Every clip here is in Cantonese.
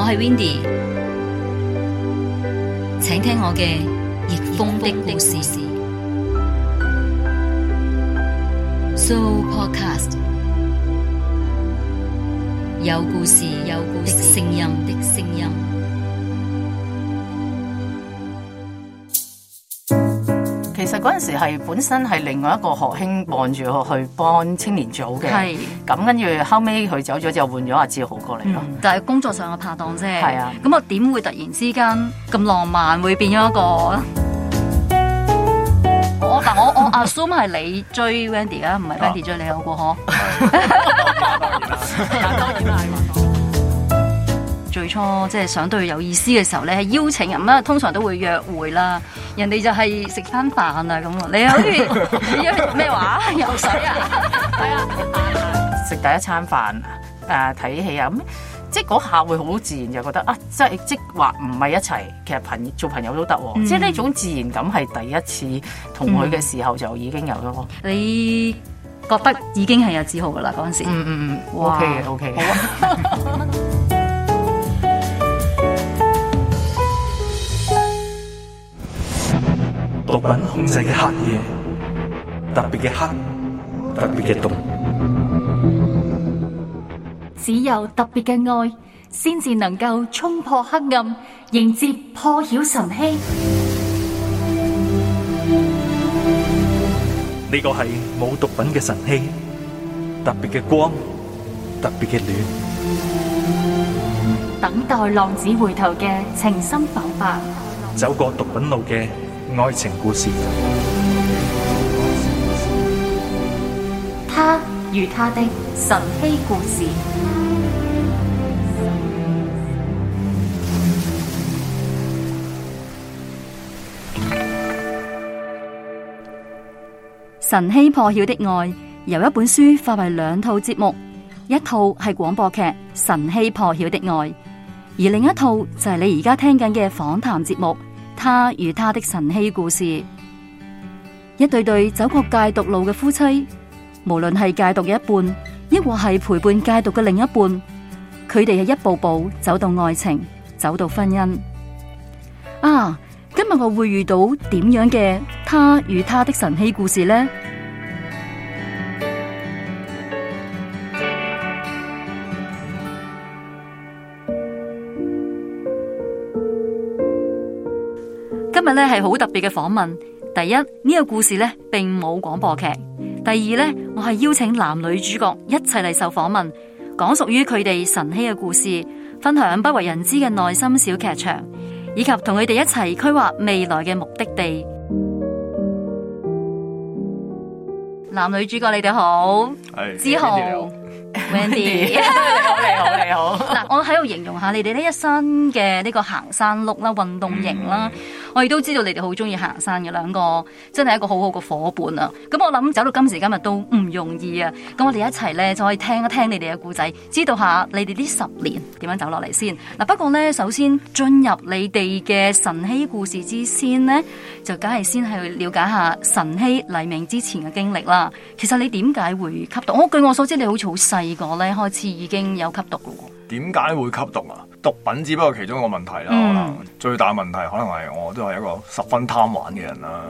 我係 Windy，請聽我嘅逆風的故事。So podcast 有故事，有故事，有聲音的聲音。其實嗰陣時係本身係另外一個學兄望住我去幫青年組嘅，咁是跟住後尾佢走咗之後就換咗阿志豪過嚟咯。但係、嗯就係、工作上嘅拍檔啫，咁啊我點會突然之間咁浪漫，會變咗一個？ 我但我我 assume 係你追 Wendy 啊，唔係 Wendy 追你好 過呵？當然係。最初即係想對佢有意思嘅時候咧，你係邀請人啦，通常都會約會啦。人哋就係食餐飯啊，咁你係好似咩話游水啊？係啊，食第一餐飯誒睇、啊、戲啊咁，即係嗰下會好自然就覺得啊，即係即係話唔係一齊，其實朋做朋友都得喎。嗯、即係呢種自然感係第一次同佢嘅時候就已經有咯。嗯、你覺得已經係有志豪噶啦嗰陣時？嗯嗯嗯哇，OK 嘅 OK。好啊 毒品控制嘅黑夜，特別嘅黑，特別嘅凍。只有特別嘅愛，先至能夠衝破黑暗，迎接破曉晨曦。呢個係冇毒品嘅晨曦，特別嘅光，特別嘅暖。等待浪子回頭嘅情深爆發。走過毒品路嘅。愛情故事，他與他的神蹟故事，神蹟破曉的愛由一本書化為兩套節目，一套係廣播劇《神蹟破曉的愛》，而另一套就係你而家聽緊嘅訪談節目。他與他的神奇故事，一對對走過戒毒路嘅夫妻，無論係戒毒嘅一半，抑或係陪伴戒毒嘅另一半，佢哋係一步步走到愛情，走到婚姻。啊，今日我會遇到點樣嘅他與他的神奇故事呢？係好特別嘅訪問。第一，呢、這個故事呢並冇廣播劇。第二呢，我係邀請男女主角一齊嚟受訪問，講屬於佢哋晨曦嘅故事，分享不為人知嘅內心小劇場，以及同佢哋一齊規劃未來嘅目的地。男女主角，你哋好，志是豪 Andy，你，Wendy， 你好，你好。嗱， 我喺度形容下你哋呢一身嘅呢個行山 look 啦，運 動型啦。 我亦都知道你哋好中意行山嘅兩個，真係一個好好嘅伙伴啊！咁、嗯、我諗走到今時今日都唔容易啊！咁、嗯、我哋一齊咧就可以聽一聽你哋嘅故仔，知道下你哋呢十年點樣走落嚟先。嗱、啊，不過咧，首先進入你哋嘅晨曦故事之先呢，就梗係先係去了解下晨曦黎明之前嘅經歷啦。其實你點解會吸毒？我、哦、據我所知，你好似好細個咧開始已經有吸毒咯。點解會吸毒啊？毒品只不過其中一個問題啦，可能、mm. 最大問題可能係我都係一個十分貪玩嘅人啦，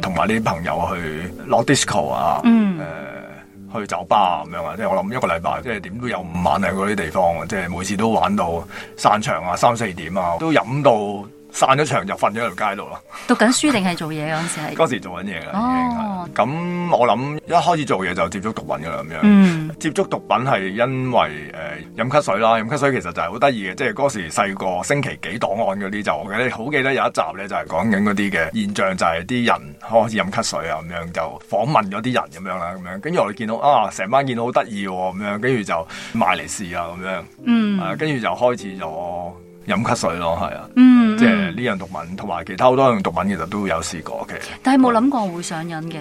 同埋呢啲朋友去落 disco 啊，誒、mm. 呃、去酒吧咁樣啊，樣即係我諗一個禮拜即係點都有五晚喺嗰啲地方，即係每次都玩到散場啊，三四點啊，都飲到。散咗場就瞓咗喺條街度咯。讀緊書定係做嘢嗰陣時是？嗰 時做緊嘢啊，已經係。哦。咁我諗一開始做嘢就接觸毒品噶啦咁樣。嗯、接觸毒品係因為誒飲、呃、咳水啦，飲咳水其實就係好得意嘅，即係嗰時細個星期幾檔案嗰啲就我咧，好記得有一集咧就係講緊嗰啲嘅現象就係啲人開始飲咳水啊咁樣，就訪問咗啲人咁樣啦咁樣，跟住我哋見到啊，成班見到好得意喎咁樣，跟住就買嚟試啦咁樣。嗯。跟住、啊、就開始咗。飲咳水咯，係啊，嗯嗯，即係呢樣毒品，同埋其他好多樣毒品其實都有試過嘅。其實但係冇諗過會上癮嘅，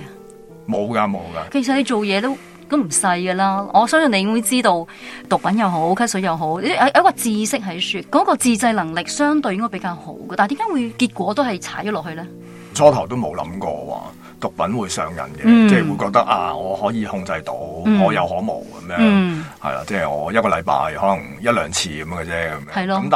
冇噶冇噶。其實你做嘢都都唔細噶啦，我相信你會知道，毒品又好，咳水又好，一有一個知識喺書，嗰個自制能力相對應該比較好嘅。但係點解會結果都係踩咗落去咧？初頭都冇諗過話。毒品會上癮嘅，即係會覺得啊，我可以控制到，可有可無咁樣，係啦，即係我一個禮拜可能一兩次咁嘅啫，咁樣。係咯。咁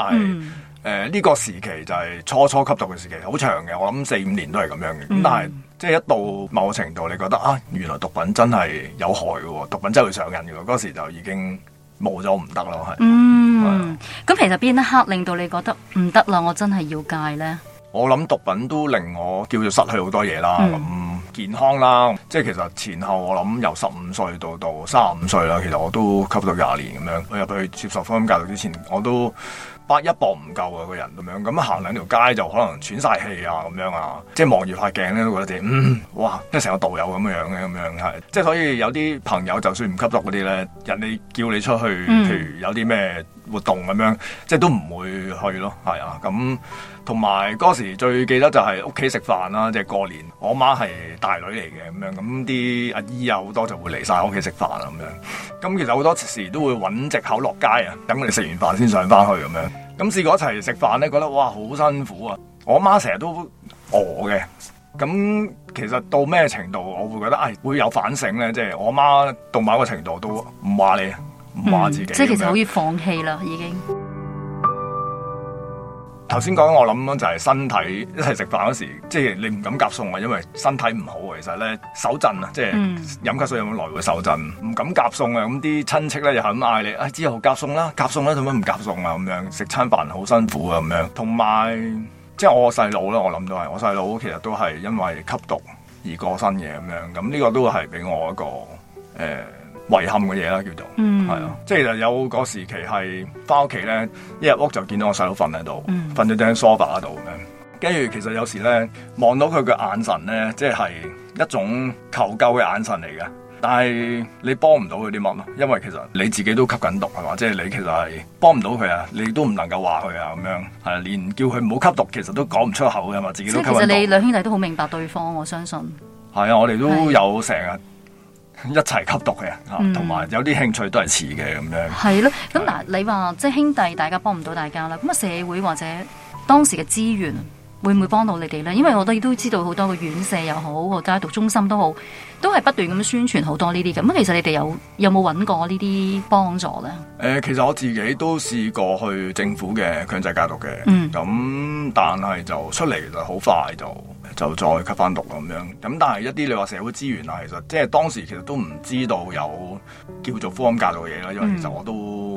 但係誒呢個時期就係初初吸毒嘅時期，好長嘅，我諗四五年都係咁樣嘅。咁但係即係一到某程度，你覺得啊，原來毒品真係有害嘅喎，毒品真係會上癮嘅喎，嗰時就已經冇咗唔得咯，係。嗯。咁其實邊一刻令到你覺得唔得啦？我真係要戒咧。我諗毒品都令我叫做失去好多嘢啦。咁。健康啦，即係其實前後我諗由十五歲到到三十五歲啦，其實我都吸咗廿年咁樣。我入去接受科音教育之前，我都百一磅唔夠啊，個人咁樣，咁行兩條街就可能喘晒氣啊咁樣啊，樣，即係望住塊鏡咧都覺得自己嗯哇，即係成個道友咁樣嘅咁樣，係，即係所以有啲朋友就算唔吸毒嗰啲咧，人哋叫你出去，譬如有啲咩。嗯活動咁樣，即係都唔會去咯，係啊，咁同埋嗰時最記得就係屋企食飯啦，即係過年，我媽係大女嚟嘅咁樣，咁啲阿姨啊好多就會嚟晒屋企食飯啊咁樣，咁其實好多時都會揾藉口落街啊，等我哋食完飯先上翻去咁樣，咁試過一齊食飯咧，覺得哇好辛苦啊，我媽成日都餓嘅，咁其實到咩程度，我會覺得唉、哎、會有反省咧，即係我媽到某個程度都唔話你。唔話自己，嗯、即係其實好似放棄啦，已經。頭先講我諗啊，就係身體一齊食飯嗰時，即係你唔敢夾餸啊，因為身體唔好。其實咧手震啊，即係飲加水有冇來回手震？唔、就是、敢夾餸啊，咁啲親戚咧又係咁嗌你啊、哎，之後夾餸啦，夾餸啦，做乜唔夾餸啊？咁樣食餐飯好辛苦啊，咁樣。同埋即係我細佬啦，我諗都係，我細佬其實都係因為吸毒而過身嘅咁樣。咁呢個都係俾我一個誒。欸遺憾嘅嘢啦，叫做，係、嗯、啊，即係有個時期係翻屋企咧，一入屋就見到我細佬瞓喺度，瞓咗張喺 sofa 度咁樣。跟住其實有時咧，望到佢嘅眼神咧，即係一種求救嘅眼神嚟嘅。但係你幫唔到佢啲乜咯，因為其實你自己都吸緊毒係嘛，即係你其實係幫唔到佢啊，你都唔能夠話佢啊咁樣，係、啊、連叫佢唔好吸毒，其實都講唔出口噶嘛，自己都吸緊毒。其實你兩兄弟都好明白對方，我相信。係啊，我哋都有成日。一齊吸毒嘅同埋有啲興趣都係似嘅咁樣。係咯的，咁嗱，你話即係兄弟，大家幫唔到大家啦。咁啊，社會或者當時嘅資源會唔會幫到你哋咧？因為我哋都知道好多個院舍又好，個戒毒中心都好，都係不斷咁宣傳好多呢啲嘅。咁其實你哋有有冇揾過呢啲幫助咧？誒、呃，其實我自己都試過去政府嘅強制戒毒嘅，咁、嗯、但係就出嚟就好快就。就再吸翻毒咁樣，咁但係一啲你話社會資源啊，其實即係當時其實都唔知道有叫做福音戒毒嘅嘢啦，因為其實我都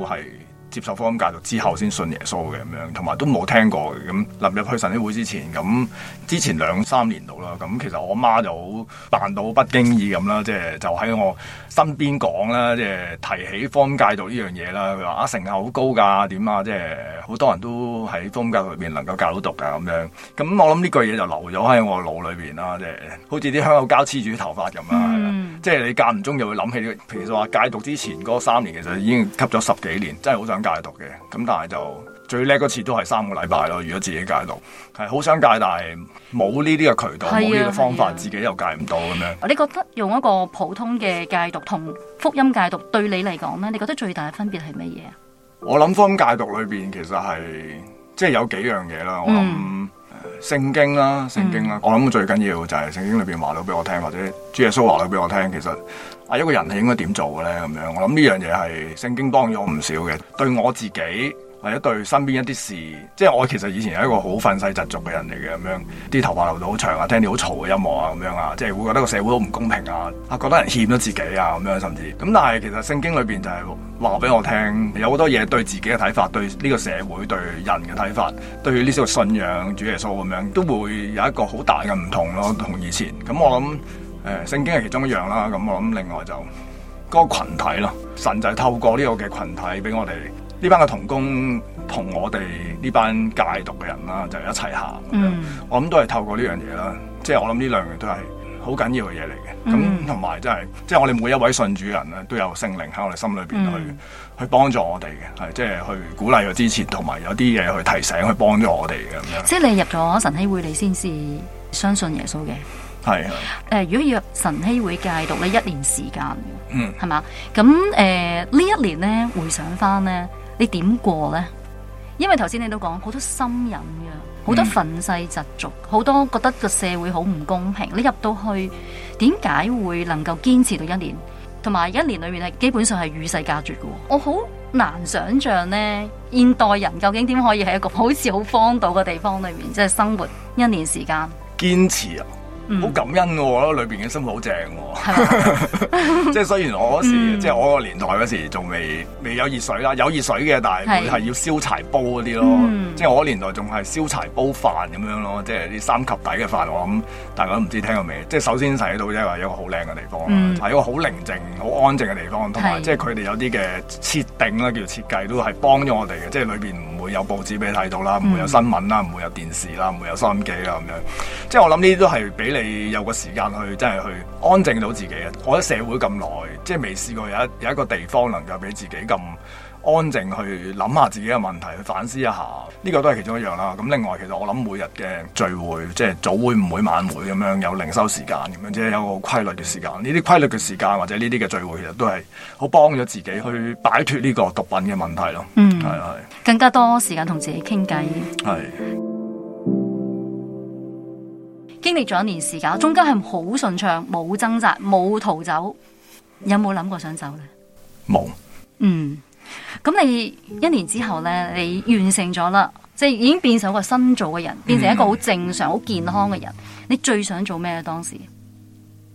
係。接受福音戒毒之後先信耶穌嘅咁樣，同埋都冇聽過嘅咁，入入去神經會之前咁，之前兩三年度啦。咁其實我媽就好扮到不經意咁啦，即係就喺我身邊講啦，即係提起福音戒毒呢樣嘢啦，佢話啊，成效好高㗎，點啊，即係好多人都喺福音戒毒裏邊能夠戒到毒㗎咁樣。咁我諗呢句嘢就留咗喺我腦裏邊啦，即係好似啲香口膠黐住啲頭髮咁啊，即係、嗯就是、你間唔中就會諗起。譬如話戒毒之前嗰三年其實已經吸咗十幾年，真係好想。戒毒嘅，咁但係就最叻嗰次都係三個禮拜咯。如果自己戒毒，係好想戒，但係冇呢啲嘅渠道，冇呢、啊、個方法，啊、自己又戒唔到咁樣。你覺得用一個普通嘅戒毒同福音戒毒對你嚟講咧，你覺得最大嘅分別係乜嘢啊？我諗福音戒毒裏邊其實係即係有幾樣嘢啦。我諗聖經啦，聖經啦，我諗最緊要就係聖經裏邊話到俾我聽，或者主耶穌話咗俾我聽，其實。啊，一個人係應該點做嘅咧？咁樣我諗呢樣嘢係聖經幫咗我唔少嘅，對我自己或者對身邊一啲事，即係我其實以前係一個好憤世嫉俗嘅人嚟嘅，咁樣啲頭髮留到好長啊，聽啲好嘈嘅音樂啊，咁樣啊，即係會覺得個社會好唔公平啊，啊，覺得人欠咗自己啊，咁樣甚至咁，但係其實聖經裏邊就係話俾我聽，有好多嘢對自己嘅睇法，對呢個社會、對人嘅睇法，對呢個信仰主耶穌咁樣，都會有一個好大嘅唔同咯，同以前咁我諗。誒，聖經係其中一樣啦，咁、嗯、我諗另外就嗰、那個群體咯，神就係透過呢個嘅群體俾我哋呢班嘅同工同我哋呢班戒毒嘅人啦，就一齊行。嗯、我諗都係透過呢樣嘢啦，即係我諗呢兩樣都係好緊要嘅嘢嚟嘅。咁同埋即係，即係我哋每一位信主人咧，都有聖靈喺我哋心裏邊、嗯、去去幫助我哋嘅，係即係去鼓勵佢支持，同埋有啲嘢去提醒去幫助我哋嘅咁樣。即係你入咗晨曦會，你先至相信耶穌嘅？係，誒是、呃，如果要入晨曦會戒毒呢一年時間、嗯，嗯，係嘛，咁誒呢一年呢，回想翻呢，你點過呢？因為頭先你都講好多心癮嘅，好多憤世嫉俗，好多覺得個社會好唔公平。你入到去，點解會能夠堅持到一年？同埋一年裏面係基本上係與世隔絕嘅。我好難想象呢，現代人究竟點可以喺一個好似好荒島嘅地方裏面，即、就、係、是、生活一年時間，堅持啊！好、嗯、感恩喎、哦，覺得裏邊嘅生活好正喎。 即係雖然我嗰時，嗯、即係我個年代嗰時仲未未有熱水啦，有熱水嘅，但係唔會係要燒柴煲嗰啲咯。嗯、即係我嗰年代仲係燒柴煲飯咁樣咯。即係啲三級底嘅飯，我諗大家都唔知聽過未？即係首先洗到即係話一個好靚嘅地方，係、嗯、一個好寧靜、好安靜嘅地方，同埋即係佢哋有啲嘅設定啦，叫做設計都係幫咗我哋嘅。即係裏邊。有報紙俾你睇到啦，唔會有新聞啦，唔會有電視啦，唔會有收音機啦，咁樣。即係我諗呢啲都係俾你有個時間去，真係去安靜到自己啊！我喺社會咁耐，即係未試過有一有一個地方能夠俾自己咁。安靜去諗下自己嘅問題，去反思一下，呢個都係其中一樣啦。咁另外，其實我諗每日嘅聚會，即係早會、午會、晚會咁樣有靈修時間咁樣，即係有個規律嘅時間。呢啲規律嘅時間或者呢啲嘅聚會，其實都係好幫咗自己去擺脫呢個毒品嘅問題咯。嗯，係更加多時間同自己傾偈。係是經歷咗一年時間，中間係好順暢，冇掙扎，冇逃走。有冇諗過想走呢？冇有。嗯。咁你一年之後咧，你完成咗啦，即係已經變成一個新造嘅人，變成一個好正常、好、嗯、健康嘅人。你最想做咩當時？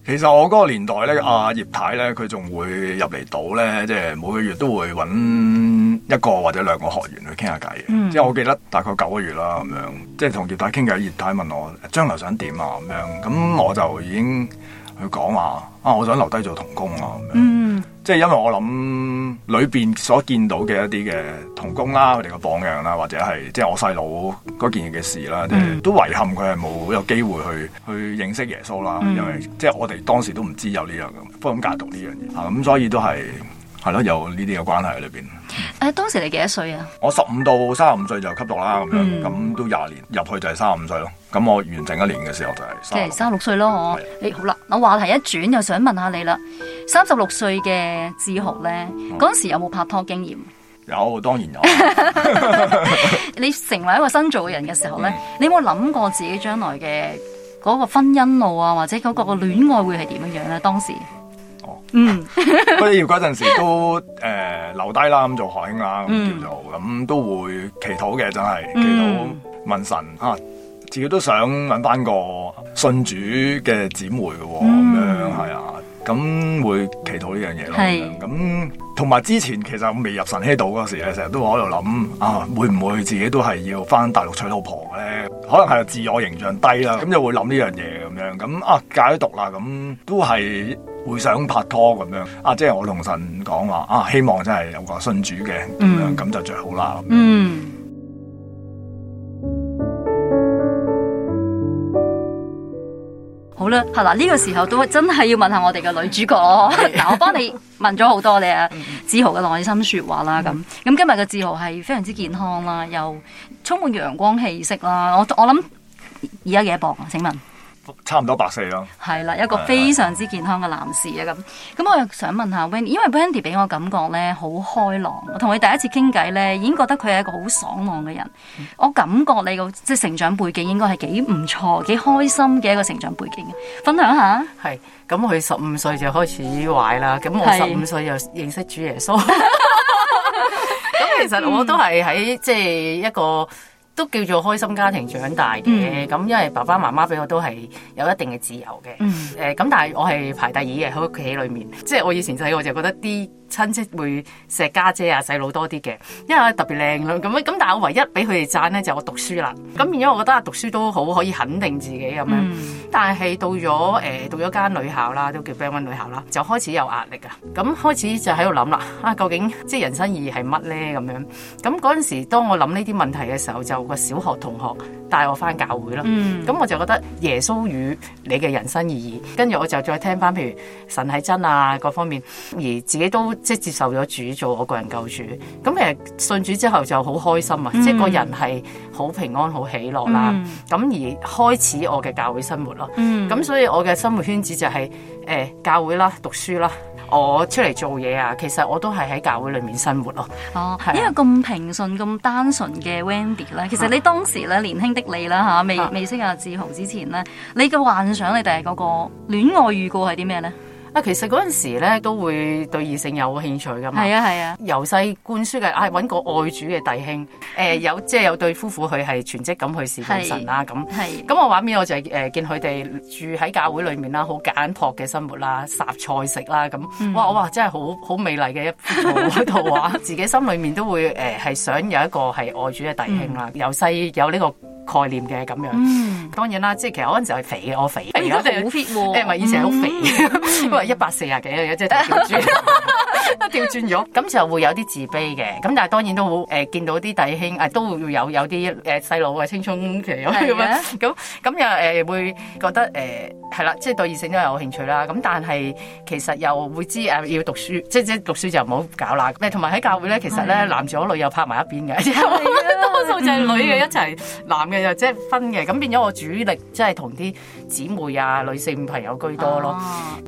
其實我嗰個年代咧，阿葉太咧，佢仲會入嚟島咧，即係每個月都會揾一個或者兩個學員去傾下偈。嗯、即係我記得大概九個月啦，咁樣即係同葉太傾偈。葉太問我將來想點啊咁樣，咁我就已經。佢講話啊，我想留低做童工啊，咁樣，即係因為我諗裏邊所見到嘅一啲嘅童工啦，佢哋嘅榜樣啦，或者係即係我細佬嗰件嘢嘅事啦，都遺憾佢係冇有機會去去認識耶穌啦，因為即係我哋當時都唔知有呢樣咁，不過咁戒毒呢樣嘢啊，咁所以都係係咯，有呢啲嘅關係喺裏邊。誒，當時你幾多歲啊？我十五到三十五歲就吸毒啦，咁樣咁都廿年入去就係三十五歲咯。咁我完整一年嘅時候就係即係三十六歲咯。嗬，誒好啦。我話題一轉，又想問下你啦。三十六歲嘅志豪咧，嗰、嗯、時有冇拍拖經驗？有，當然有。 你成為一個新造嘅人嘅時候咧，嗯、你有冇諗過自己將來嘅嗰個婚姻路啊，或者嗰個戀愛會係點樣樣咧？當時哦，嗯，不過嗰陣時都誒、呃、留低啦，咁做海鴨咁叫做咁、嗯、都會祈禱嘅，真係祈禱問神吓。啊自己都想揾翻個信主嘅姊妹喎、哦，咁、嗯、樣係啊，咁會祈禱呢是樣嘢咯。咁同埋之前其實未入神曦島嗰時成日都喺度諗啊，會唔會自己都係要翻大陸娶老婆咧？可能係自我形象低啦，咁就會諗呢樣嘢咁樣。咁啊戒咗毒啦，咁都係會想拍拖咁樣。啊，即係我同神講話啊，希望真係有個信主嘅咁、嗯、樣，咁就最好啦。嗯。嗯。係啦，呢、這個時候都真係要問下我哋嘅女主角咯。嗱，我幫你問咗好多你啊，志 豪嘅內心說話啦，咁咁 今日嘅志豪係非常之健康啦，又充滿陽光氣息啦。我我諗而家幾多磅啊？請問？差唔多百歲咯，係啦，一個非常之健康嘅男士啊，咁咁的我又想問下 Wendy，因為 Wendy 俾我感覺咧好開朗，我同佢第一次傾偈咧已經覺得佢係一個好爽朗嘅人，我感覺你個即係成長背景應該係幾唔錯、幾開心嘅一個成長背景，分享下。係，咁佢十五歲就開始壞啦，咁我十五歲又認識主耶穌，咁是 其實我都係喺、嗯、即係一個。都叫做開心家庭長大嘅，咁、嗯、因為爸爸媽媽俾我都係有一定嘅自由嘅，誒咁、嗯呃、但係我係排第二嘅喺屋企裏面，即係我以前細我就覺得啲。親戚會錫家姐，姐啊、細佬多啲嘅，因為特別靚啦咁樣。咁但係我唯一俾佢哋讚咧，就係、我讀書啦。咁變咗我覺得啊，讀書都好可以肯定自己咁樣。但係到咗誒讀咗間女校啦，都叫 Benwin 女校啦，就開始有壓力啊。咁開始就喺度諗啦，啊究竟即係人生意義係乜咧？咁樣咁嗰陣時，當我諗呢啲問題嘅時候，就個小學同學帶我翻教會咯。咁、嗯、我就覺得耶穌與你嘅人生意義。跟住我就再聽翻譬，譬如神係真啊各方面，而自己都。即係接受咗主做我個人救主，咁其實信主之後就好開心啊！嗯、即係個人係好平安、好喜樂啦。咁、嗯、而開始我嘅教會生活咯。咁、嗯、所以，我嘅生活圈子就係、是、誒教會啦、讀書啦。我出嚟做嘢啊，其實我都係喺教會裏面生活咯。哦，啊、因為咁平順、咁單純嘅 Wendy 咧，其實你當時咧年輕的你啦嚇，未、啊、未識阿志豪之前咧，你嘅幻想你第日嗰個戀愛預告係啲咩咧？啊，其實嗰陣時咧都會對異性有興趣噶嘛。係啊係啊，由細、啊、灌輸嘅，啊揾個愛主嘅弟兄，誒、呃、有即係、就是、有對夫婦佢係全職咁去侍奉神啦，咁，係咁我畫面我就係、是、誒、呃、見佢哋住喺教會裏面啦，好簡樸嘅生活啦，雜菜食啦，咁，哇我話真係好好美麗嘅一幅圖畫， 自己心裏面都會誒係、呃、想有一個係愛主嘅弟兄啦，由細、嗯、有呢個概念嘅咁樣。嗯，當然啦，即係其實我嗰陣時係肥嘅，我肥。係好 fit 以前好肥。 一百四十幾啊！即係 掉轉，掉轉咗，咁就會有啲自卑嘅。咁但係當然都好誒，見到啲弟兄誒、呃，都會有有啲誒細路嘅青春期咁樣。咁咁的 又誒、呃、會覺得誒係啦，即係對異性都有興趣啦。咁但係其實又會知誒要讀書，即係即係讀書就唔好搞啦。誒同埋喺教會咧，其實咧的男住女又拍埋一邊嘅。的 就係女嘅一齊，男嘅又即係分嘅，咁變咗我主力即係同啲姊妹啊、女性朋友居多咯。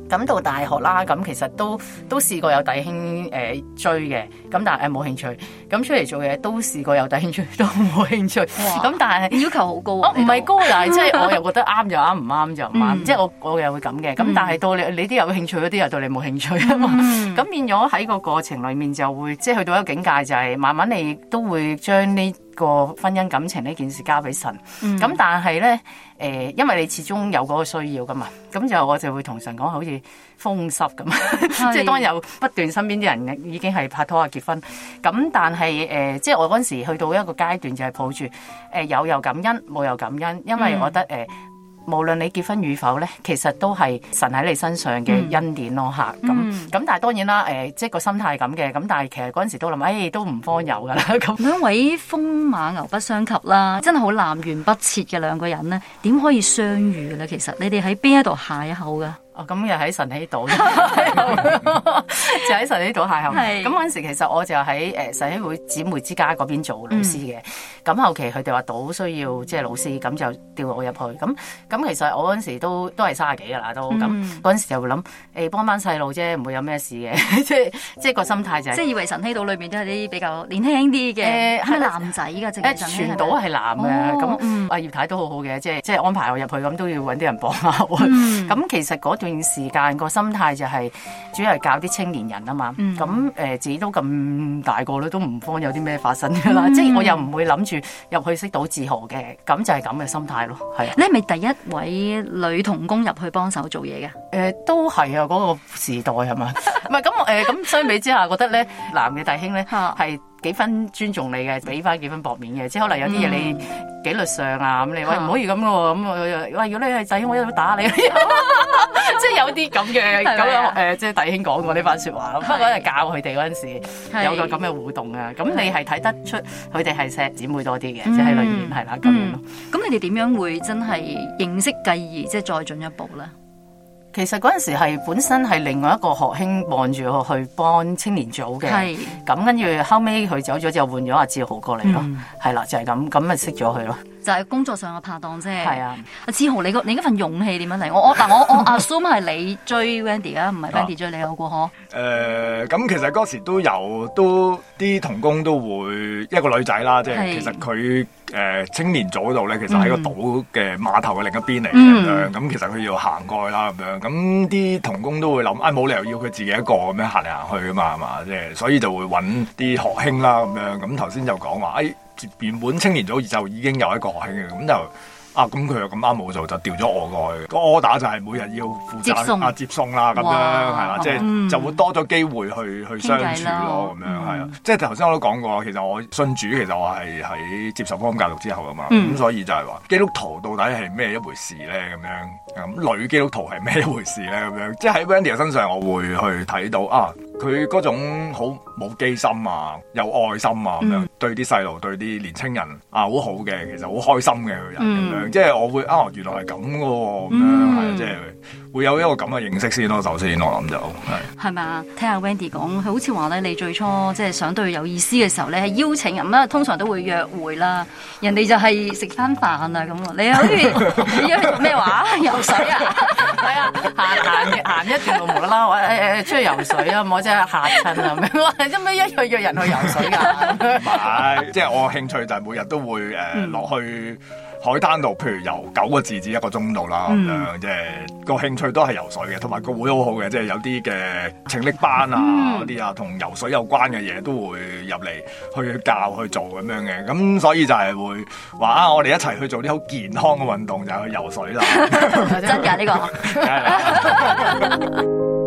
咁到大學啦，咁其實都都試過有弟兄誒追嘅，咁但係冇興趣。咁出嚟做嘢都試過有弟兄追，都冇興趣。咁但係要求好高啊！唔係高，但係即係我又覺得啱就啱，唔啱就唔啱。即係我我又會咁嘅。咁但係當你你啲有興趣嗰啲又對你冇興趣啊嘛。咁變咗喺個過程裡面就會即係去到一個境界，就係慢慢你都會將呢。個婚姻感情呢件事交俾神，咁、嗯、但係呢，誒、呃，因為你始終有嗰個需要噶嘛，咁就我就會同神講，好似風濕咁，是 即係當有不斷身邊啲人已經係拍拖啊結婚，咁但係誒、呃，即係我嗰陣時去到一個階段就係抱住，誒、呃，有又感恩，冇又感恩，因為我覺得誒。嗯呃無論你結婚與否咧，其實都係神喺你身上嘅恩典咯嚇。咁咁、嗯嗯嗯、但係當然啦，誒、呃、即係個心態係咁嘅。咁但係其實嗰陣時都諗，哎都唔方有㗎啦。咁 兩位風馬牛不相及啦，真係好南轅北轍嘅兩個人咧，點可以相遇咧？其實你哋喺邊一度邂逅㗎？哦，咁又喺晨曦島，就喺晨曦島下。咁嗰陣時，其實我就喺誒晨曦會姊妹之家嗰邊做老師嘅。咁後期佢哋話島需要即係老師，咁就調我入去。咁咁其實我嗰陣時都都係卅幾噶啦，都咁嗰陣時就諗誒幫幫細路啫，唔會有咩事嘅。即係即係個心態就係即係以為晨曦島裏面都係啲比較年輕啲嘅誒男仔㗎，正晨曦島係男嘅。咁阿葉太都好好嘅，即係即係安排我入去，咁都要揾啲人幫手。咁其實嗰段時間個心態就係主要係教啲青年人啊嘛，咁誒、嗯呃、自己都咁大個女，都唔慌有啲咩發生噶啦，嗯、即係我又唔會諗住入去識到自豪嘅，咁就係咁嘅心態咯，係啊。你係咪第一位女童工入去幫手做嘢嘅？誒、呃，都係啊，嗰、那個時代係嘛，唔係咁誒，咁相比之下，覺得咧男嘅弟兄咧係。 幾分尊重你嘅，俾翻幾分薄面嘅。即係可能有啲嘢你紀律上啊咁，嗯、你喂唔可以咁嘅喎，咁、嗯、喂如果你係弟兄，我一路打你。 即係有啲咁嘅咁樣誒、啊呃，即係弟兄講過呢番說話。可能是教佢哋嗰陣時是有個咁嘅互動啊。咁是你係睇得出佢哋係錫姊妹多啲嘅，即係、嗯、裏面係啦咁樣。咁你哋點樣會真係認識繼而即係再進一步咧？其實嗰陣時係本身係另外一個學兄望住我去幫青年組嘅，咁係跟住後尾佢走咗之後就換咗阿志豪過嚟咯，係啦、嗯、就係咁咁咪識咗佢咯。就係工作上嘅拍檔啫。係 啊，阿志豪，你個你嗰份勇氣點樣嚟？我但我嗱我我 assume 係你追 Wendy 啊，唔係 Wendy 追你嗰個嗬？誒、呃，咁其實嗰時都有，都啲同工都會一個女仔啦，即係的其實佢誒、呃、青年組度咧，其實喺個島嘅碼頭嘅另一邊嚟嘅咁，嗯嗯、其實佢要行過去啦咁樣，咁啲同工都會諗，哎冇理由要佢自己一個咁樣行嚟行去啊嘛，係嘛，即係所以就會揾啲學兄啦咁樣。咁頭先就講話誒。原本青年組就已經有一個學兄嘅，咁就啊咁佢又咁啱冇做，就調咗我過去。嗰個我打就係每日要負責接送啊接送啦咁樣，係啦，即係就會多咗機會去去相處咯咁樣，係啊。即係頭先我都講過，其實我信主，其實我係喺接受宗教教育之後啊嘛，咁、嗯、所以就係話基督徒到底係咩一回事咧？咁樣咁女基督徒係咩一回事咧？咁樣即係喺 Wendy 身上，我會去睇到啊。佢嗰種好冇機心啊，有愛心啊咁樣、嗯，對啲細路，對啲年青人啊，好好嘅，其實好開心嘅人咁樣，嗯、即係我會啊，原來係咁嘅咁樣、啊，係、嗯啊、即係。會有一個咁嘅認識先咯，首先我諗就係。咪？嘛？聽阿 Wendy 講，佢好似話咧，你最初即係想對佢有意思嘅時候咧，係邀請人啦，通常都會約會啦。人哋就係食翻飯啊咁你係好似咩話？游水啊？係 啊，行行一段路無啦啦，誒、哎、出去游水啊，唔好即係嚇親啊咩？我係做咩一約約人去游水㗎、啊？唔 係，即、就、係、是、我興趣，但係每日都會誒落、呃、去。海灘度，譬如由九個字至一個鐘度啦，咁樣、嗯、即係個興趣都係游水嘅，同埋個會好好嘅，即係有啲嘅潛力班啊嗰啲啊，同、嗯、游水有關嘅嘢都會入嚟去教去做咁樣嘅，咁所以就係會話啊，嗯、我哋一齊去做啲好健康嘅運動就係去游水啦，真噶呢個。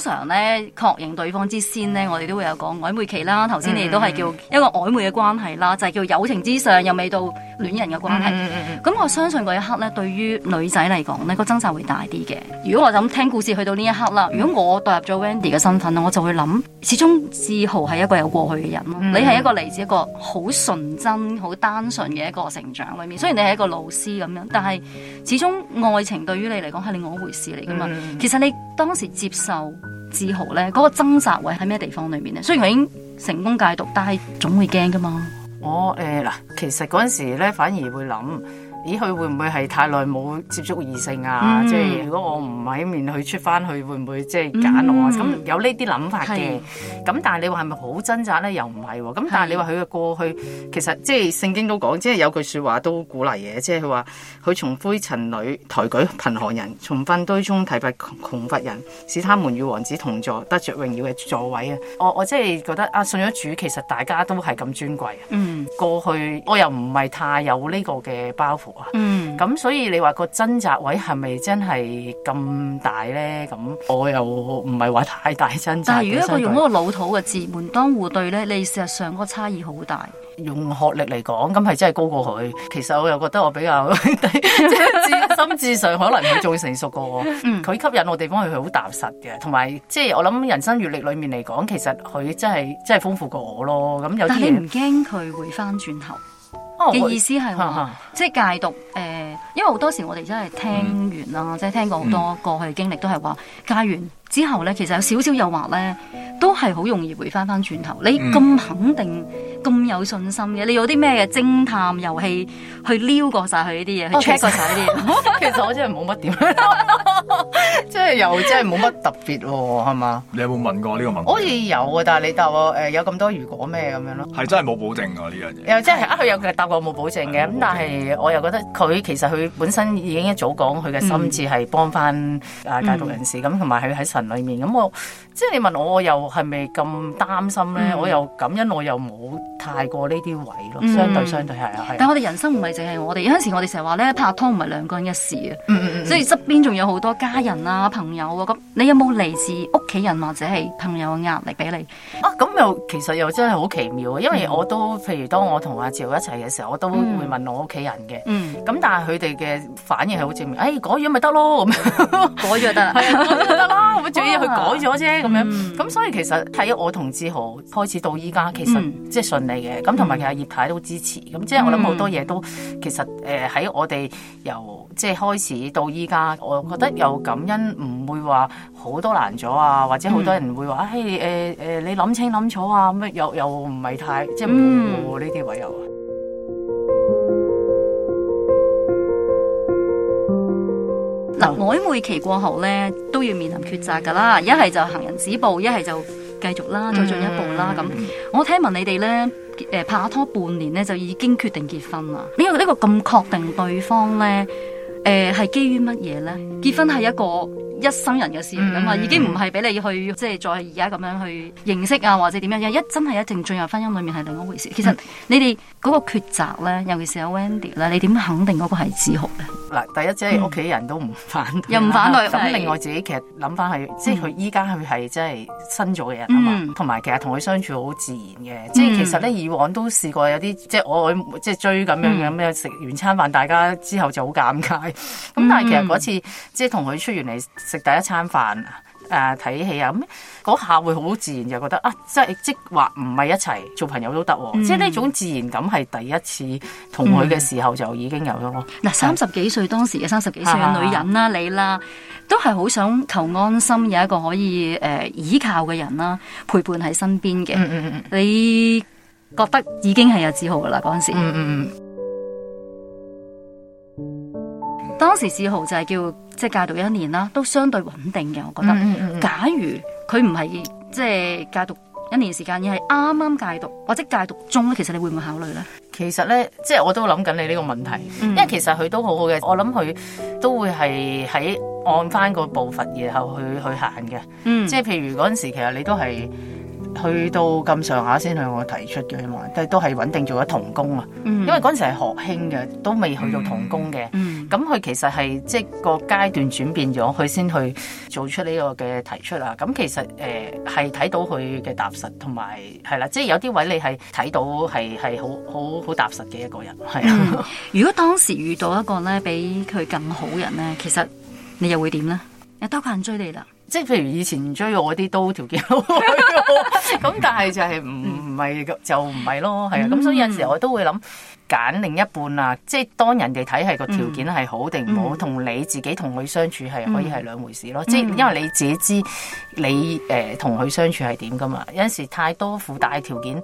通常咧，確認對方之先咧，我哋都會有講曖昧期啦。頭先你哋都係叫一個曖昧嘅關係啦，就係叫友情之上，又未到，戀人嘅關係，咁、嗯嗯嗯、我相信嗰一刻咧，對於女仔嚟講咧，嗰個掙扎會大啲嘅。如果我就咁聽故事去到呢一刻啦，如果我代入咗 Wendy 嘅身份啦，我就會諗，始終志豪係一個有過去嘅人咯。嗯、你係一個嚟自一個好純真、好單純嘅一個成長裏面。雖然你係一個老師咁樣，但係始終愛情對於你嚟講係另外一回事嚟噶嘛。嗯、其實你當時接受志豪咧，嗰、嗰個掙扎位喺咩地方裏面咧？雖然佢已經成功戒毒，但係總會驚噶嘛。我誒嗱、呃，其實嗰陣時咧，反而會諗。咦，佢會唔會係太耐冇接觸異性啊？嗯、即係如果我唔喺面去出翻去，會唔會即係揀我？啊、嗯？咁、嗯、有呢啲諗法嘅。咁是但係你話係咪好掙扎咧？又唔係喎。咁但係你話佢嘅過去，其實即係聖經都講，即係有句説話都鼓勵嘅，即係佢話：佢從灰塵裏抬舉貧寒人，從糞堆中提拔窮乏人，使他們與王子同坐，得着榮耀嘅座位啊！我我即係覺得啊，信咗主，其實大家都係咁尊貴。嗯，過去我又唔係太有呢個嘅包袱。嗯，咁所以你話個掙扎位係咪真係咁大咧？咁我又唔係話太大掙扎。但係如果一用嗰個老土嘅字門，門他當戶對咧，你事實上嗰個差異好大。用學歷嚟講，咁係真係高過佢。其實我又覺得我比較 自 心智上可能佢仲成熟過我、嗯、佢吸引我地方係佢好踏實嘅，同埋即係我諗人生閱歷裏面嚟講，其實佢真係真係豐富過我咯。咁有啲係你唔驚佢會翻轉頭？嘅意思係話，哈哈，即係戒毒誒，因為好多時我哋真係聽完啦，嗯、即係聽過好多過去經歷都，都係話戒完之後咧，其實有少少誘惑咧，都係好容易回翻翻轉頭。你咁肯定、咁有信心嘅，你有啲咩嘅偵探遊戲？去撩過曬佢呢啲嘢，去 check 曬佢啲，其實我真係冇乜點，即係又真係冇乜特別喎，係嘛？你有冇問過呢個問題？好似有啊，但係你答我誒有咁多如果咩咁樣咯？係真係冇保證㗎呢樣嘢。又即係啊，佢有佢答我冇保證嘅，咁但係我又覺得佢其實佢本身已經一早講佢嘅心志係幫翻啊戒毒人士，咁同埋佢喺神裡面，咁我即係你問我我又係咪咁擔心咧？我又感恩我又冇太過呢啲位咯，相對相對係啊，係。但係我哋人生唔係。就係我哋有陣時，我哋成日話咧拍拖唔係兩個人嘅事啊，所以側邊仲有好多家人啊、朋友啊。咁你有冇嚟自屋企人或者係朋友嘅壓力俾你啊？咁又其實又真係好奇妙啊！因為我都譬如當我同阿趙一齊嘅時候，我都會問我屋企人嘅。嗯。咁但係佢哋嘅反應係好正面，誒改咗咪得咯咁，改咗得，係啊改咗得啦，咁佢改咗啫咁樣。咁所以其實睇我同志豪開始到依家，其實即係順利嘅。咁同埋其實葉太都支持。咁即係我諗好多嘢都。其實誒，喺、呃、我哋由即係開始到依家，我覺得有感恩，唔會話好多難咗啊，或者好多人會話誒誒誒，你諗清諗楚啊，咩又又唔係太即係唔好呢啲位啊。嗱曖昧期過後咧，都要面臨抉擇噶啦，一係就行人止步，一係就繼續啦，再進一步啦咁，嗯。我聽聞你哋咧。誒，拍拖半年咧，就已經決定結婚啦。因為呢個咁確定對方咧，誒、呃、係基於乜嘢咧？嗯、結婚係一個一生人嘅事嚟噶嘛，嗯、已經唔係俾你去即係、就是、再而家咁樣去認識啊，或者點樣樣？一真係一定進入婚姻裏面係另一回事。其實你哋嗰個抉擇咧，尤其是阿 Wendy 咧，你點肯定嗰個係適合咧？嗱，第一即係屋企人都唔反對，又唔反對。咁、啊、是另外自己其實諗翻係，嗯、即係佢依家佢係即係新咗嘅人啊嘛，同埋、嗯、其實同佢相處好自然嘅。嗯、即係其實咧，以往都試過有啲即係我，我即係追咁樣嘅，咁樣食完餐飯，大家之後就好尷尬。咁但係其實嗰次即係同佢出完嚟食第一餐飯。誒睇、啊、戲啊咁，嗰下會好自然就覺得啊，即係即話唔係一齊做朋友都得喎，即係呢種自然感係第一次同佢嘅時候、嗯、就已經有咗咯。嗱、啊，三十幾歲是當時嘅三十幾歲嘅女人啦，啊、你啦，都係好想求安心，有一個可以誒、呃、倚靠嘅人啦，陪伴喺身邊嘅。嗯嗯嗯，你覺得已經係有自豪噶啦嗰陣時。嗯，嗯，嗯，當時自豪就係叫。即係戒毒一年啦，都相對穩定嘅，我覺得。嗯嗯、假如佢唔係即係戒毒一年時間，而係啱啱戒毒或者戒毒中咧，其實你會唔會考慮咧？其實咧，即係我都諗緊你呢個問題，嗯、因為其實佢都好好嘅，我諗佢都會係喺按翻個步伐，然後去去行嘅。嗯、即係譬如嗰陣時，其實你都係。去到咁上下先向我提出嘅，因為都都係穩定做咗童工啊。嗯、因為嗰陣時係學興嘅，都未去到童工嘅。咁佢，嗯、其實係即係個階段轉變咗，佢先去做出呢個嘅提出啊。咁其實誒係睇到佢嘅踏實，同埋係啦，即係有啲位你係睇到係係好好好踏實嘅一個人，係啊。嗯、 如果當時遇到一個咧，比佢更好人咧，其實你又會點咧？有多個人追你啦。即係譬如以前追我啲都條件好，咁但係就係唔唔係就唔係咯，係啊，咁所以有陣時我都會諗揀另一半啊，即係當人哋睇係個條件係好定唔好，同你自己同佢相處係可以係兩回事咯。即係因為你自己知你誒同佢相處係點噶嘛，有陣時太多附帶條件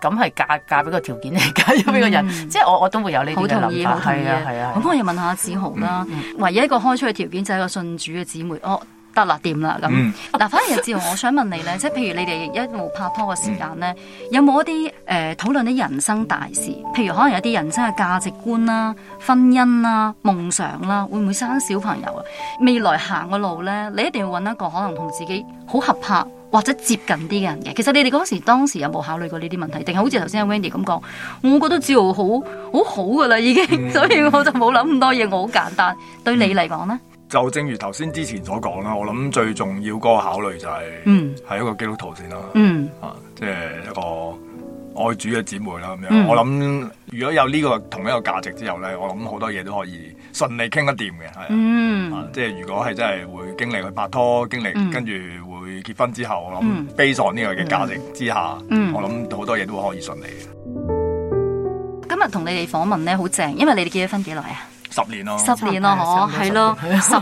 咁係嫁嫁俾個條件嚟嫁咗俾個人，即係我我都會有呢啲嘅諗法。好同意好同意。係啊係啊。咁我又問下子豪啦，唯一一個開出嘅條件就係個信主嘅姊妹哦。得啦，掂啦咁。嗱，嗯、反而阿志豪，我想問你咧，即係譬如你哋一路拍拖嘅時間咧，嗯、有冇一啲誒討論啲人生大事？譬如可能有啲人生嘅價值觀啦、啊、婚姻啦、啊、夢想啦、啊，會唔會生小朋友啊？未來行嘅路咧，你一定要揾一個可能同自己好合拍或者接近啲嘅人嘅。其實你哋嗰時當時有冇考慮過呢啲問題？定係好似頭先阿 Wendy 咁講，我覺得志豪好，好好好噶啦，已經，嗯、 所以我就冇諗咁多嘢，我好簡單。對你嚟講咧？嗯就正如頭先之前所講啦，我諗最重要嗰個考慮就係、是、係、嗯、一個基督徒先啦，嗯、啊，即係一個愛主嘅姊妹啦咁樣。嗯、我諗如果有呢個同一個價值之後咧，我諗好多嘢都可以順利傾得掂嘅，係、啊嗯啊、即係如果係真係會經歷去拍拖，經歷跟住、嗯、會結婚之後，我諗 based on 呢個嘅價值之下，嗯、我諗好多嘢都可以順利嘅。今日同你哋訪問咧好正，因為你哋結咗婚幾耐啊？十年咯，啊、十年咯，嗬我，係咯，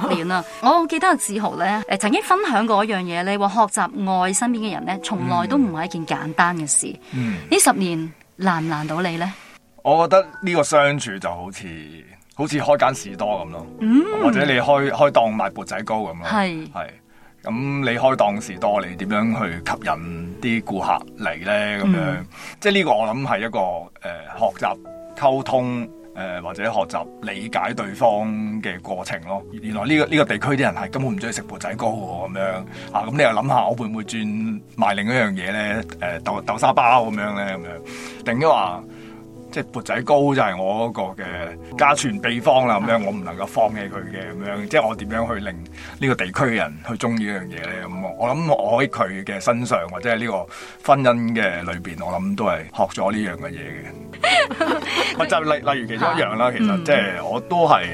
十年啦了。 我記得阿志豪咧，誒、呃、曾經分享過一樣嘢，你話學習愛身邊嘅人咧，從來都唔係一件簡單嘅事。嗯，呢十年難唔難到你咧？我覺得呢個相處就好似好似開間士多咁咯，嗯、或者你開開檔賣缽仔糕咁咯，係是，係。咁你開檔士多，你點樣去吸引啲顧客嚟咧？咁樣，嗯、即係呢個我諗係一個誒、呃呃、學習溝通。誒、呃、或者學習理解對方嘅過程咯，原來呢、呢個呢、呢個地區啲人係根本唔中意食缽仔糕喎，咁樣啊，咁、嗯、你又諗下我會唔會轉賣另一樣嘢咧？誒、呃、豆豆沙包咁樣咧，咁樣定話？即係缽仔糕就係我嗰個嘅家傳秘方啦，咁樣我唔能夠放棄佢嘅，咁樣即係我點樣去令呢個地區嘅人去中意呢樣嘢咧？咁、嗯、我諗我喺佢嘅身上或者係呢個婚姻嘅裏邊，我諗都係學咗呢樣嘅嘢嘅。我就 例例如其中一樣啦，其實即係我都係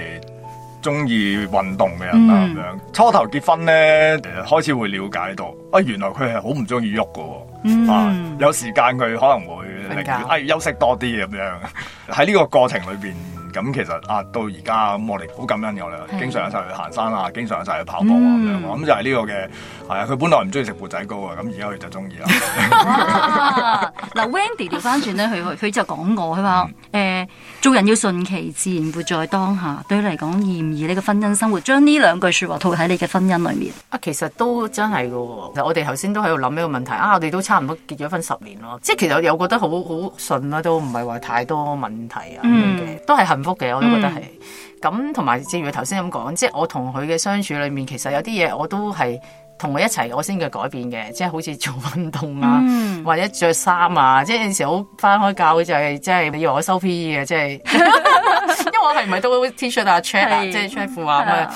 中意運動嘅人啦，咁樣、 嗯、初頭結婚咧，開始會了解到，啊、哎、原來佢係好唔中意喐噶。嗯、啊，有時間佢可能會例如休息多啲咁樣，喺呢個過程裏邊。咁其實啊，到而家咁我哋好感恩㗎啦，經常一齊去行山啊，經常一齊去跑步啊咁、嗯、樣，咁、嗯、就係、是、呢個嘅係、嗯、 啊。佢本來唔中意食缽仔糕嘅，咁而家佢就中意啦。嗱，Wendy 調翻轉咧，佢佢就講過，佢話誒做人要順其自然活在當下，對你嚟講，而唔而你嘅婚姻生活，將呢兩句説話套喺你嘅婚姻裏面啊，其實都真係嘅、哦。我哋頭先都喺度諗呢個問題啊，我哋都差唔多結咗婚十年咯，即係其實我覺得好好順啦，都唔係話太多問題啊，都係幸福嘅，我都覺得係。咁同埋，正如佢頭先咁講，即係我同佢嘅相處裏面，其實有啲嘢我都係同佢一齊，我先叫改變嘅，即係好似做運動啊，嗯、或者着衫啊，即係有時好翻開教嘅就係、是，即係你以為我收 PE 嘅，即係， 因為我係唔係都會 T-shirt 啊、是 check 啊，即係 check 褲啊咁啊。的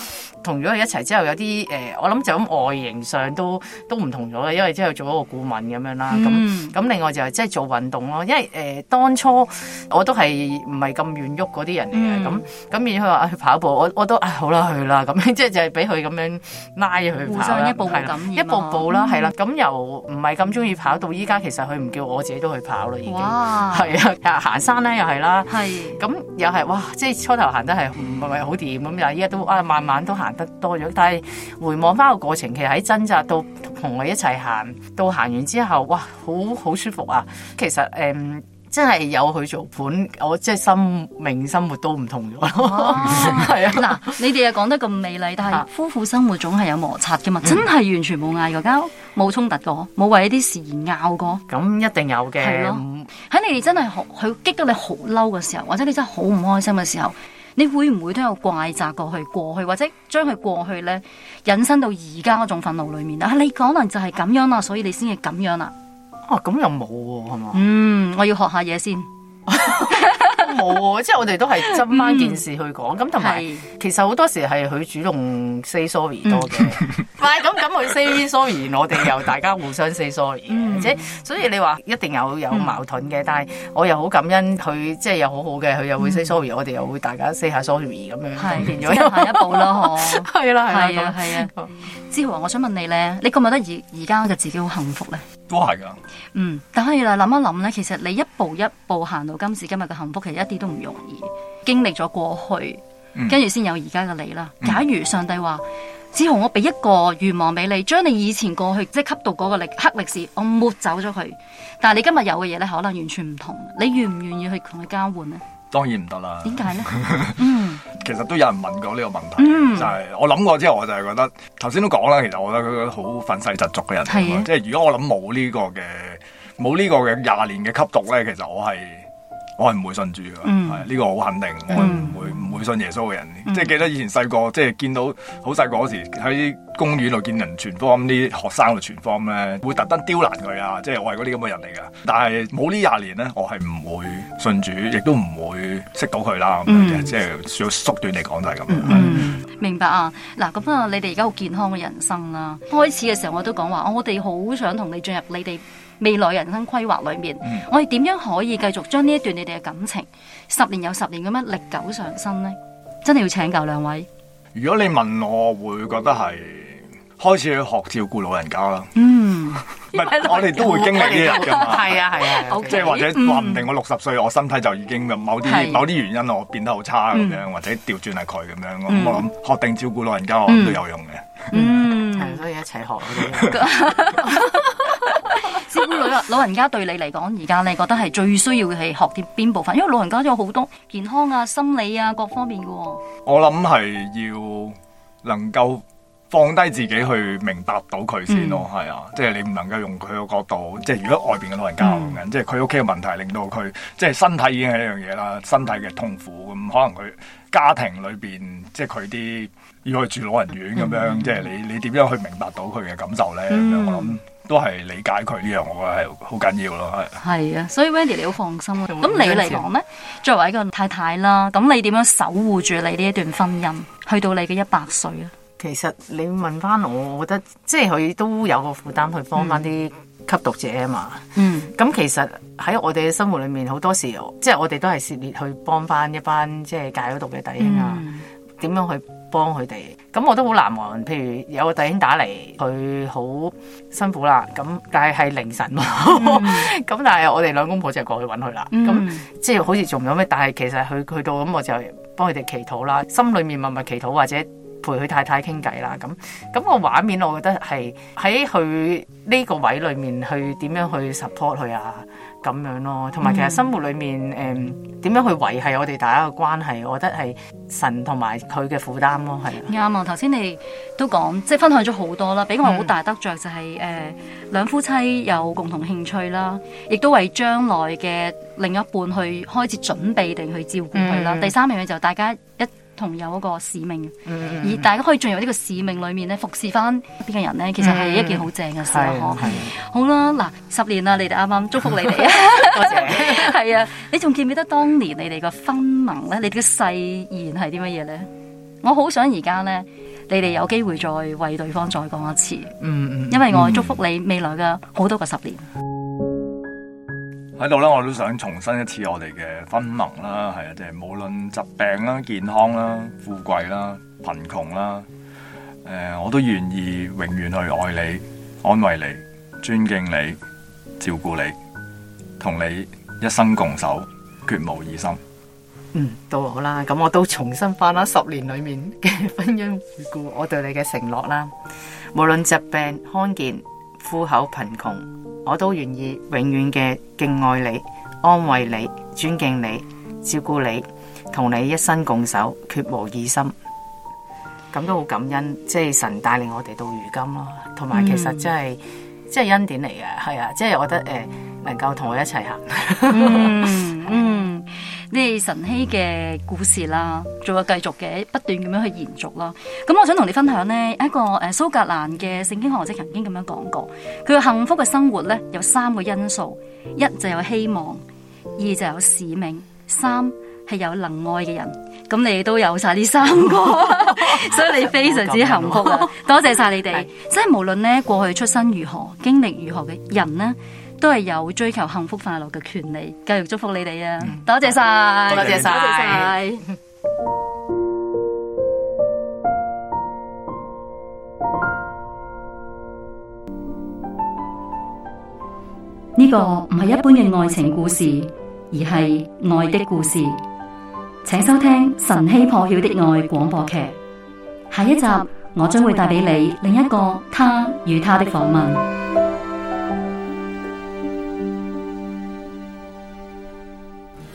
同咗佢一齊之後，有啲誒、呃，我諗就咁外形上都都唔同咗啦，因為之後做一個顧問咁樣啦，咁咁、嗯、另外就係即係做運動咯，因為誒、呃、當初我都係唔係咁願喐嗰啲人嚟嘅，咁咁然後佢話去跑步，我我都啊、哎、好啦去啦，咁即係就係俾佢咁樣拉佢一步、啊、啦，嗯、一步步啦，係啦，咁由唔係咁中意跑到依家，其實佢唔叫我自己都去跑啦，已經係哇啊行山咧又係啦，咁又係哇，即係初頭行得係唔係好掂咁，但係依家都啊慢慢都行，得多咗，但係回望翻個過程，其實喺掙扎到同我一齊行，到行完之後，哇，好好舒服啊！其實誒、嗯，真係有佢做伴，我即係生命生活都唔同咗咯。係 哇 啊，嗱，你哋又講得咁美麗，但係夫婦生活總係有摩擦嘅嘛，嗯、真係完全冇嗌過交，冇衝突過，冇為一啲事而拗過。咁、嗯嗯、一定有嘅，喺你哋真係好，佢激得你好嬲嘅時候，或者你真係好唔開心嘅時候。你會唔會都有怪責過去過去或者將佢過去呢引申到而家嗰種憤怒裏面啊？你可能就係咁樣啦，所以你先至咁樣啦。哦、啊，咁又冇喎、啊，係嘛？嗯，我要學下嘢先。冇喎、 啊，即係我哋都係執翻件事去講。咁同埋，有是其實好多時係佢主動 say sorry 多嘅。嗯 唔係咁咁去 say sorry，我哋又大家互相 say sorry，即係所以你話一定有有矛盾嘅，嗯、但係我又好感恩佢，即係又好好嘅，佢又會 say sorry、嗯、我哋又會大家 say 下 sorry 咁樣，完咗又下一步啦，嗬。 係啦，係啊，係啊。志豪，我想問你咧，你覺唔覺得而而家嘅自己好幸福咧？都係噶。嗯，但係啦，諗一諗咧，其實你一步一步行到今時今日嘅幸福，其實一啲都唔容易，經歷咗過去，跟住先有而家嘅你啦。假如上帝話。子豪，我俾一個願望俾你，將你以前過去即係吸毒嗰個力黑歷史，我抹走咗佢。但係你今日有嘅嘢咧，可能完全唔同。你願唔願意去同佢交換呢？當然唔得啦。點解呢？ 其實都有人問過呢個問題，嗯、就係我諗過之後，我就係覺得頭先都講啦。其實我覺得佢好憤世嫉俗嘅人，即係、啊、如果我諗冇呢個嘅冇呢個嘅廿年嘅吸毒咧，其實我係。我係唔會信主㗎，係呢、嗯、這個我好肯定。我係唔會唔、嗯、會信耶穌嘅人，嗯、即係記得以前細個，即係見到好細個嗰時喺公園度見人傳方，啲學生度傳方咧，會特登刁難佢啊！即係我係嗰啲咁嘅人嚟㗎。但係冇呢廿年咧，我係唔會信主，亦都唔會識到佢啦，咁樣嘅。即係主要縮短嚟講就係咁。明白啊！嗱，咁啊，你哋而家好健康嘅人生啦。開始嘅時候我都講話，我哋好想同你進入你哋。未來人生規劃裏面，嗯、我哋點樣可以繼續將呢一段你哋嘅感情，十年有十年咁樣歷久常新呢？真係要請教兩位。如果你問我，我會覺得係。開始去學照顧老人家啦。嗯，我哋都會經歷呢日噶。係啊係啊，即係或者話唔定我六十歲，我身體就已經某啲某啲原因，我變得好差咁樣，或者調轉係佢咁樣。我諗學定照顧老人家，我諗都有用嘅。嗯，係所以一齊學。照顧老老人家對你嚟講，而家你覺得係最需要嘅係學啲邊部分？因為老人家有好多健康啊、心理啊各方面噶。我諗係要能夠。放低自己去明白到佢先咯，係、嗯、啊，即係你唔能夠用佢嘅角度，即係如果外邊嘅老人家咁樣、嗯，即係佢屋企嘅問題令到佢，即係身體已經係一樣嘢啦，身體嘅痛苦咁、嗯，可能佢家庭裏邊，即係佢啲要去住老人院咁樣，嗯、即係你你點樣去明白到佢嘅感受咧？嗯、我諗都係理解佢呢樣，我覺得係好緊要咯，係。係啊，所以 Wendy 你好放心啊。咁、嗯、你嚟講咧，作為一個太太啦，咁你點樣守護住你呢一段婚姻，去到你嘅一百歲啊？其實你問翻我，我覺得即係佢都有個負擔去幫翻啲吸毒者啊嘛。嗯。咁其實喺我哋嘅生活裏面，好多時候即係我哋都係涉獵去幫翻一班即係戒咗毒嘅弟兄啊。點樣去幫佢哋？咁我都好難忘。譬如有個弟兄打嚟，佢好辛苦啦。咁但係係凌晨咯。咁但係我哋兩公婆就係過去揾佢啦。咁即係好似仲有咩？但係其實佢去到咁，我就幫佢哋祈禱啦。心裏面默默祈禱或者。陪佢太太傾偈啦，咁，咁個畫面，我覺得係喺佢呢個位裏面，去點樣去 support 佢啊，咁樣咯。同埋其實生活裏面，誒點樣去維繫我哋大家嘅關係，我覺得係神同埋佢嘅負擔咯，係。阿望頭先你都講，即係分享咗好多啦，俾我好大得著就係誒兩夫妻有共同興趣啦，亦都為將來嘅另一半去開始準備定去照顧佢啦。第三樣嘢就大家一同有一個使命，而大家可以進入呢個使命裏面咧，服侍翻邊嘅人咧，其實係一件好正嘅事咯。嗯、好啦，嗱，十年啦，你哋啱啱祝福你哋啊，多 謝。係啊，你仲記唔記得當年你哋嘅婚盟咧？你哋嘅誓言係啲乜嘢咧？我好想而家咧，你哋有機會再為對方再講一次。嗯 因為我祝福你未來嘅好多個十年。喺度啦，我都想重申一次我哋嘅婚盟啦，係啊，即係無論疾病啦、健康啦、富貴啦、貧窮啦，誒、呃，我都願意永遠去愛你、安慰你、尊敬你、照顧你，同你一生共守，絕無二心。嗯，都好啦，咁我都重新翻啦，十年裏面嘅婚姻回顧，我對你嘅承諾啦，無論疾病、康健、富厚貧窮。我都願意永遠嘅敬愛你、安慰你、尊敬你、照顧你，同你一生共守，絕無二心。咁都好感恩，即係神帶領我哋到如今咯。同埋其實真係，真係恩典嚟嘅，係啊，即係我覺得誒、呃，能夠同我一齊行。 嗯嗯你哋晨曦嘅故事啦，仲有繼續嘅，不斷咁樣去延續啦。咁我想同你分享呢一個誒蘇格蘭嘅聖經學者曾經咁樣講過，佢嘅幸福嘅生活咧有三個因素：一就有希望，二就有使命，三係有能愛嘅人。咁你都有晒呢三個， 所以你非常之幸福啊！ 多謝晒你哋，即係是無論呢過去出身如何、經歷如何嘅人呢。都係有追求幸福快樂嘅權利，繼續祝福你哋啊！嗯、多謝晒，多謝晒。呢個唔係一般嘅愛情故事，而係愛的故事。請收聽《晨曦破曉的愛》廣播劇。下一集我將會帶俾你另一個他與他的訪問。